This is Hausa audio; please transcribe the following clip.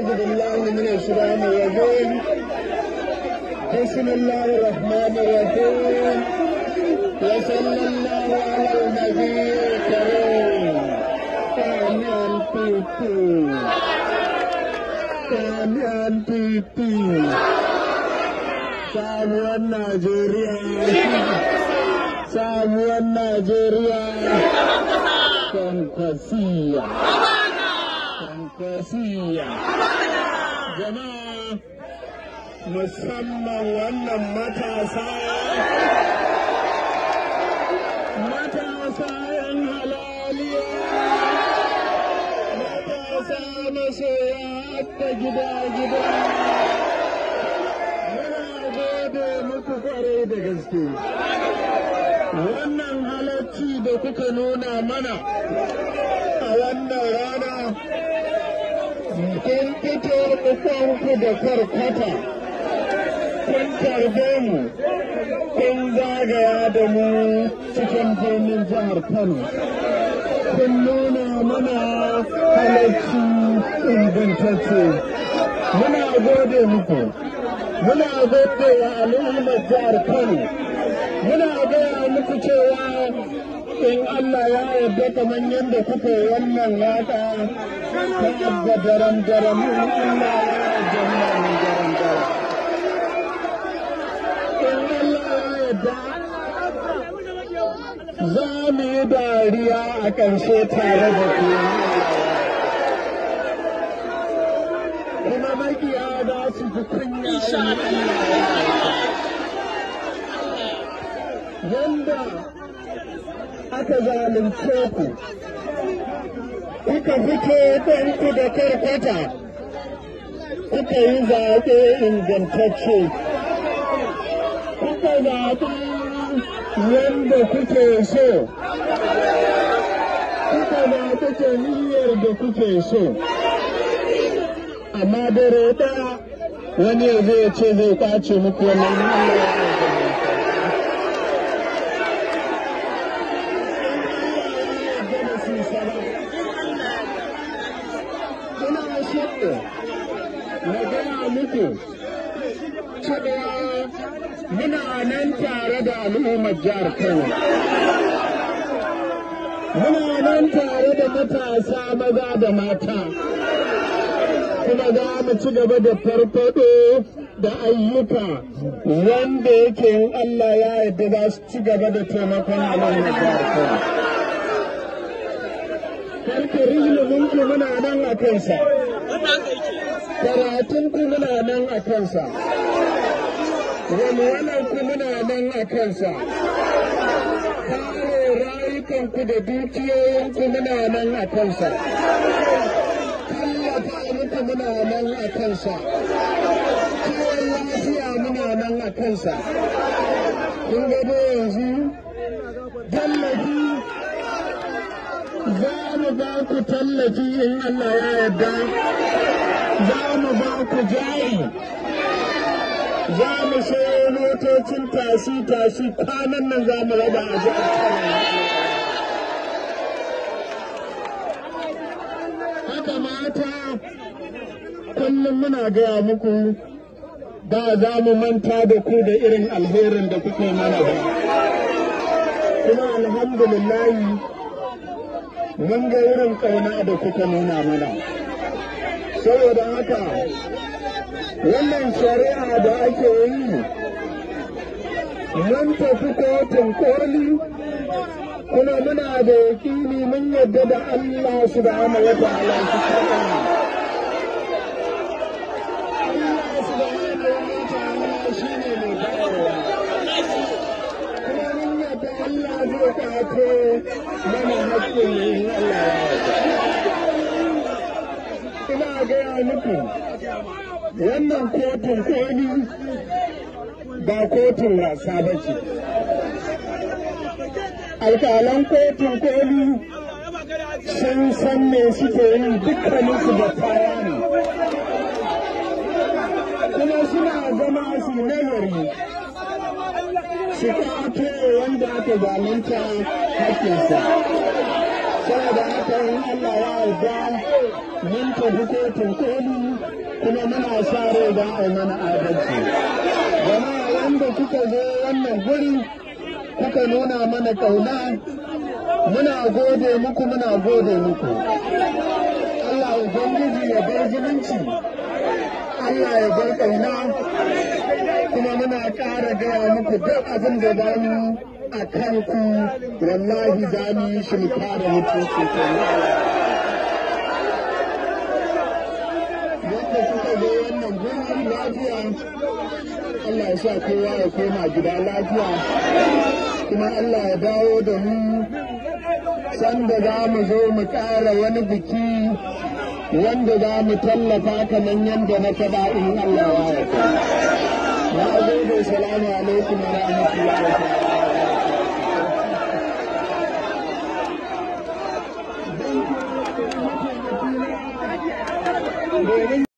أعوذ بالله من الشيطان الرجيم بسم الله الرحمن الرحيم وصلى الله على النبي الكريم كاميان بيبي كاميان بيبي كاميان نيجيريا كاميان نيجيريا كونكوسيا siya jama'a musamman wannan matasa matasa yan halaliya matasa masoya hatta gida gida muna gode muku kwarai da gaske wannan halarci da kuka nuna mana a wannan rana kun fito musanku da karkata kun tarbe mu kun zagaya da mu cikin birnin jihar kano kun nuna mana halarci ingantacce muna gode muku muna gode wa al'ummar jihar kano muna gaya muku cewa in Allah ya yarda kamar yadda kuka wannan waka ta abba daram daram in Allah ya yarda wannan daram daram in Allah ya yarda za mu yi dariya a ƙarshe tare da ku kuma makiya za su fi kunya in aka zalunce ku kuka fito ɗanku da karkata kuka yi zaɓe ingantacce kuka zaɓi yadda kuke so kuka zaɓi jami'ar da kuke so amma dare ɗaya wani ya zai ce zai ƙwace muku wannan muna nan tare da al'ummar jihar Kano. Muna nan tare da matasa maza da mata. Kuma za mu ci gaba da farfado da ayyuka wanda yake yin Allah ya da za su ci gaba da taimakon al'ummar jihar Kano. Karkarin ilimin muna nan a kansa. karatun ku muna nan a kansa walwalar ku muna nan a kansa kare rayukanku da dukiyoyinku muna nan a kansa tallafa muku muna nan a kansa kiwon lafiya muna nan a kansa kun gado yanzu tallafi za mu ba ku tallafi in Allah ya yarda za mu ba ku jari za mu sayo motocin tashi-tashi kwanan nan za mu raba a jihar haka mata kullum muna gaya muku ba za mu manta da ku da irin alherin da kuke mana ba kuma alhamdulillahi mun ga irin ƙauna da kuka nuna mana saboda haka wannan shari'a da ake yi mun tafi kotun koli kuma muna da yakini mun yadda da Allah subhanahu wa ta'ala Allah zai kwato mana haƙƙin ina gaya muku wannan kotun koli ba kotun wasa ba ce alkalan kotun koli sun san me suke yin su da kaya ne kuma suna zama su nazari su kato wanda aka zalunta hakinsa saboda aka in Allah ya yarda mun tafi kotun koli kuma muna sa rai da a mana adalci jama'a wanda kuka zo wannan guri kuka nuna mana ƙauna muna gode muku muna gode muku Allah ubangiji ya bar zumunci Allah ya bar ƙauna kuma muna ƙara gaya muku duk abin da za a kan ku wallahi za mu yi shi mu kare mutunci yadda kuka zo wannan guri lafiya Allah ya sa kowa ya koma gida lafiya kuma Allah ya dawo da mu sanda za mu zo mu ƙara wani biki wanda za mu tallafa nan yadda na faɗa in Allah ya yarda. Na gode salamu alaikum wa rahmatullahi wa barakatuh.